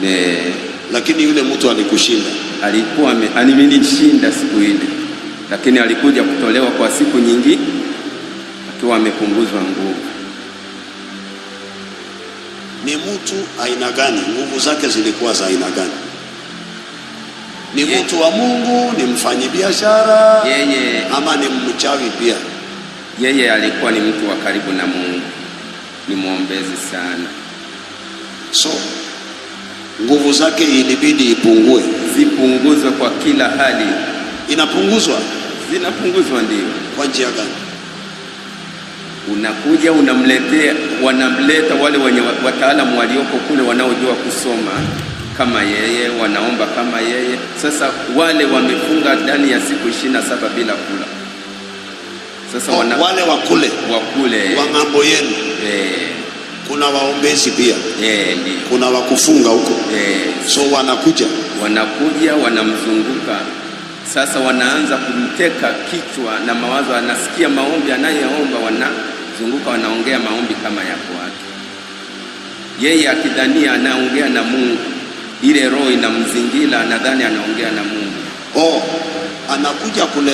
ne, lakini yule mtu alikushinda, alikuwa alinishinda siku ile, lakini alikuja kutolewa kwa siku nyingi akiwa amepunguzwa nguvu. Ni mtu aina gani? Nguvu zake zilikuwa za aina gani? Ni yeah, mtu wa Mungu? Ni mfanyabiashara yeah, yeah, ama ni mchawi pia? Yeye yeah, yeah, alikuwa ni mtu wa karibu na Mungu, ni mwombezi sana so nguvu zake ilibidi ipungue, zipunguzwe kwa kila hali. Inapunguzwa, zinapunguzwa. Ndio. Kwa njia gani? Unakuja unamletea, wanamleta wale wenye wataalamu walioko kule wanaojua kusoma kama yeye, wanaomba kama yeye. Sasa wale wamefunga ndani ya siku ishirini na saba bila kula. Sasa wana, wale wakule wakule wa mambo yenu eh kuna waombezi pia eh, eh, kuna wakufunga huko eh. So wanakuja wanakuja wanamzunguka sasa, wanaanza kumteka kichwa na mawazo, anasikia maombi anayeomba, wanazunguka wanaongea maombi kama yako wake yeye, akidhania anaongea na Mungu, ile roho inamzingira, nadhani anaongea na Mungu. Oh, anakuja kule